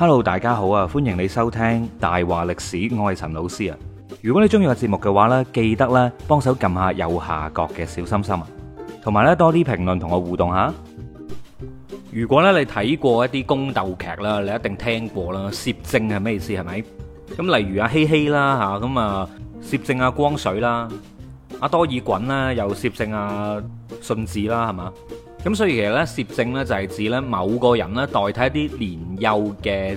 Hello，大家好啊！歡迎你收聽大話歷史，我係陳老師啊。如果你中意我節目嘅話呢，記得咧幫手撳下右下角嘅小心心啊，同埋呢多啲評論同我互動下。如果呢你睇過一啲宮鬥劇啦，你一定聽過啦，攝政係咩意思係咪？咁例如阿慈禧啦吓，咁啊攝政阿光緒啦，阿多爾袞啦又攝政阿順治啦，係嘛？咁所以其實咧，攝政咧就係指咧某個人咧代替一啲年幼嘅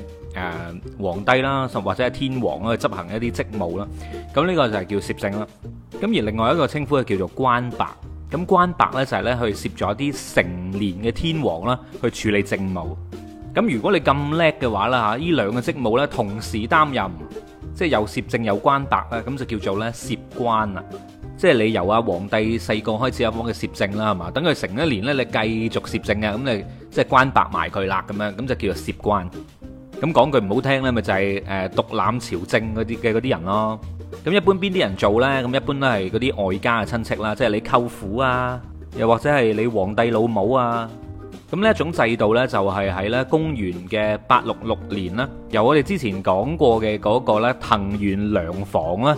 誒皇帝啦，或者係天皇啦去執行一啲職務啦。咁呢個就係叫攝政啦。咁而另外一個稱呼就叫做關白。咁關白咧就係咧去攝咗啲成年嘅天皇啦去處理政務。咁如果你咁叻嘅話啦嚇，呢兩個職務咧同時擔任，即係有攝政有關白啦，咁就叫做咧攝關啊。即係你由啊皇帝細個開始有幫佢攝政啦，係嘛？等佢成一年咧，你繼續攝政啊，咁你即係關白埋佢啦，咁樣咁就叫做攝關。咁講句唔好聽咧，咪就係誒獨攬朝政嗰啲嘅嗰啲人咯。咁一般邊啲人做咧？咁一般都係嗰啲外家嘅親戚啦，即係你舅父啊，又或者係你皇帝老母啊。咁呢一種制度咧，就係喺咧公元嘅八六六年啦。由我哋之前講過嘅嗰個咧藤原良房啦。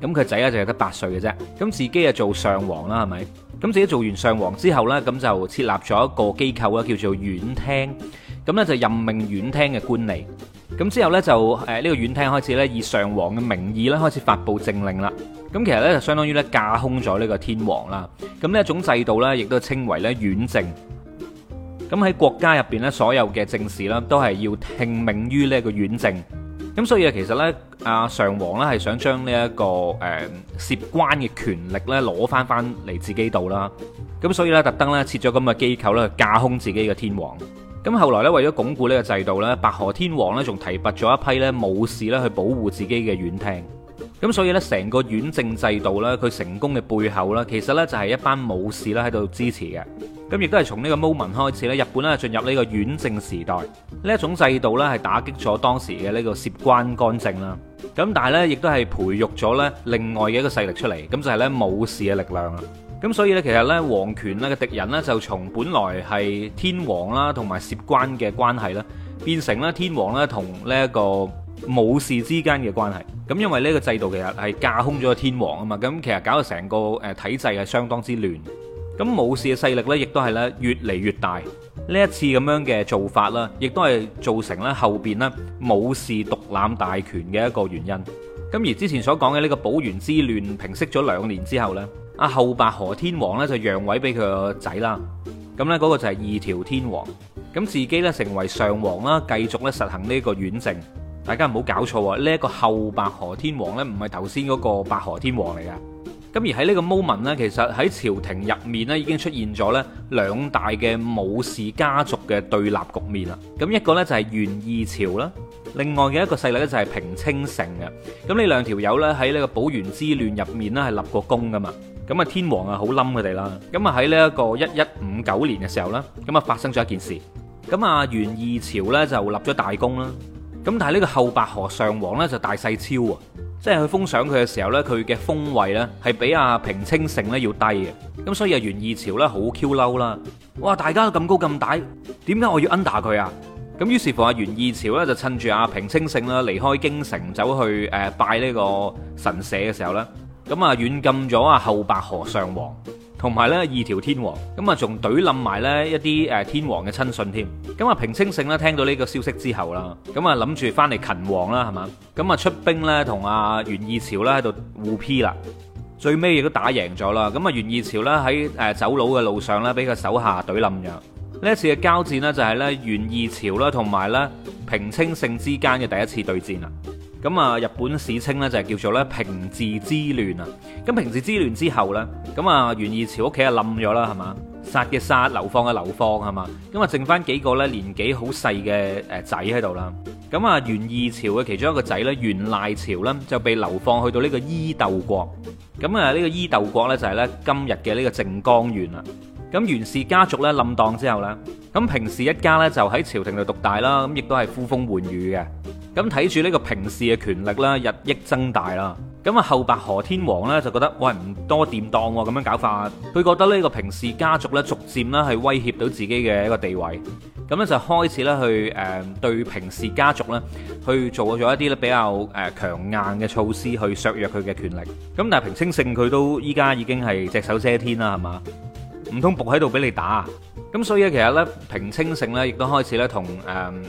咁佢仔咧就係得八歲嘅啫，咁自己啊做上皇啦，係咪？咁自己做完上皇之後呢，咁就設立咗一個機構咧，叫做院廳咁呢，就任命院廳嘅官吏，咁之後呢，就誒呢個院廳開始呢，以上皇嘅名義呢，開始發布政令啦，咁其實呢，就相當於呢架空咗呢個天皇啦，咁呢一種制度呢，亦都稱為呢院政，咁喺國家入邊呢，所有嘅政事呢，都係要聽命於呢個院政。咁所以啊，其實呢，阿、啊、上皇呢係想將呢一個誒、呃、攝關嘅權力呢攞翻翻嚟自己度啦。咁所以呢，特登呢設咗咁嘅機構呢架空自己嘅天皇。咁後來呢，為咗鞏固呢個制度呢，白河天皇呢仲提拔咗一批呢武士呢去保護自己嘅院廳。咁所以呢，成個院政制度呢，佢成功嘅背後呢，其實呢就係、是、一班武士咧喺度支持嘅。咁亦都係從呢個 moment 開始咧，日本咧進入呢個院政時代。呢一種制度咧，係打擊咗當時嘅呢個涉關干政啦。咁但係咧，亦都係培育咗咧另外嘅一個勢力出嚟，咁就係、是、咧武士嘅力量啦。咁所以咧，其實咧皇權咧嘅敵人咧就從本來係天皇啦，同埋涉關嘅關係呢，變成啦天皇咧同呢一個武士之間嘅關係。咁因為呢個制度其實係架空咗天皇啊嘛，咁其實搞到成個誒體制係相當之亂。咁武士嘅勢力咧，亦都係咧越嚟越大。呢一次咁樣嘅做法啦，亦都係造成咧後面呢武士獨攬大權嘅一個原因。咁而之前所講嘅呢個保元之亂平息咗兩年之後呢，阿後白河天皇呢，就讓位俾佢個仔啦。咁呢嗰個就係二條天皇，咁自己呢，成為上皇啦，繼續咧實行呢個院政。大家唔好搞錯喎，呢、這、一個後白河天皇呢，唔係頭先嗰個白河天皇嚟噶。咁而喺呢個 moment 咧，其實喺朝廷入面咧，已經出現咗咧兩大嘅武士家族嘅對立局面啦。咁一個咧就係元義朝啦，另外嘅一個勢力咧就係平清盛嘅。咁呢兩條友咧喺呢個保元之亂入面咧係立過功㗎嘛。咁啊天皇啊好冧佢哋啦。咁啊喺呢一個一一五九年嘅時候啦，咁啊發生咗一件事。咁啊元義朝咧就立咗大功啦。咁但係呢個後白河上皇咧就大細超啊。即係佢封賞佢嘅時候呢，佢嘅封位呢係比阿平清盛呢要低嘅，咁所以阿源義朝呢好 Q 嬲啦，哇！大家都咁高咁大，點解我要 under 佢啊？咁於是乎阿源義朝呢就趁住阿平清盛呢離開京城走去誒拜呢個神社嘅時候呢，咁啊軟禁咗阿後白河上皇。同埋呢二條天皇咁啊，仲懟冧埋呢一啲誒天皇嘅親信添。咁啊平清盛呢聽到呢個消息之後啦，咁啊諗住翻嚟勤王啦，係嘛，咁啊出兵呢，同阿源義朝啦喺度互 P 啦，最尾亦都打贏咗啦。咁啊源義朝呢喺誒走佬嘅路上呢俾佢手下懟冧咗。呢一次嘅交戰呢，就係呢源義朝啦同埋呢平清盛之間嘅第一次對戰啦。咁啊，日本史稱咧就係叫做咧平治之亂啊。咁平治之亂之後呢，咁啊源義朝屋企啊冧咗啦，係嘛？殺嘅殺，流放嘅流放係嘛？咁啊剩翻幾個咧年紀好細嘅仔喺度啦。咁啊源義朝嘅其中一個仔咧源賴朝呢，就被流放去到呢個伊豆國。咁啊呢個伊豆國呢，就係呢今日嘅呢個靜岡縣啦。咁源氏家族呢，冧檔之後呢，咁平氏一家呢，就喺朝廷度獨大啦，咁亦都係呼風喚雨嘅。咁睇住呢個平氏嘅權力咧日益增大啦，咁啊後白河天皇呢，就覺得喂，唔多掂當喎，咁樣搞法，佢覺得呢個平氏家族呢，逐漸呢係威脅到自己嘅一個地位，咁呢，就開始呢去誒、呃、對平氏家族呢去做咗一啲咧比較誒強硬嘅措施去削弱佢嘅權力。咁但係平清盛佢都依家已經係隻手遮天啦，係嘛？唔通仆喺度俾你打？咁所以咧，其實咧，平清盛咧，亦都開始咧，同誒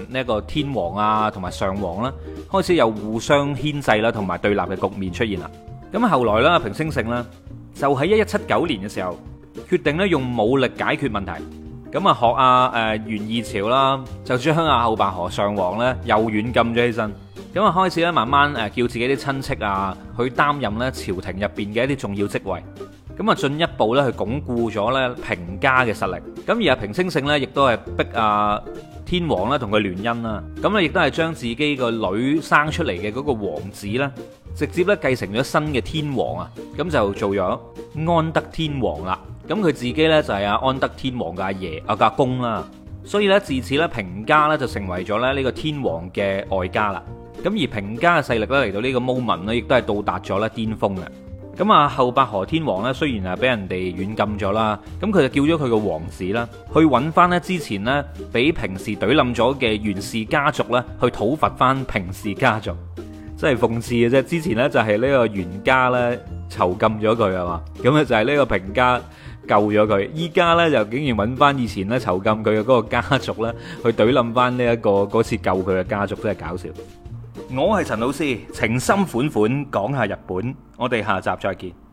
呢一個天皇啊，同埋上皇啦，開始有互相牽制啦，同埋對立嘅局面出現啦。咁後來咧，平清盛咧，就喺一一七九年嘅時候，決定咧用武力解決問題。咁啊，學啊誒源義朝啦，就將啊後白河上皇咧又軟禁咗起身。咁啊，開始咧慢慢誒叫自己啲親戚啊，去擔任咧朝廷入邊嘅一啲重要職位。咁啊，進一步咧去鞏固咗咧平家嘅實力。咁而阿平清盛咧，亦都係逼啊天皇咧同佢聯姻啦。咁咧亦都係將自己個女生出嚟嘅嗰個王子咧，直接咧繼承咗新嘅天皇啊。咁就做咗安德天皇啦。咁佢自己咧就係阿安德天皇嘅阿爺阿阿、啊、公啦。所以咧自此咧平家咧就成為咗咧呢個天皇嘅外家啦。咁而平家嘅勢力咧嚟到呢個 moment 呢，亦都係到達咗咧巔峰啊！咁啊，後白河天皇咧，雖然係俾人哋軟禁咗啦，咁佢就叫咗佢個王子啦，去揾翻咧之前咧俾平氏懟冧咗嘅源氏家族啦，去討伐翻平氏家族，即係諷刺嘅啫。之前呢就係呢個源家咧囚禁咗佢啊嘛，咁啊就係、是、呢個平家救咗佢，依家呢就竟然揾翻以前咧囚禁佢嘅嗰個家族啦、這個，去懟冧翻呢一個嗰次救佢嘅家族，真係搞笑。我係陳老師，情深款款講下日本，我哋下集再見。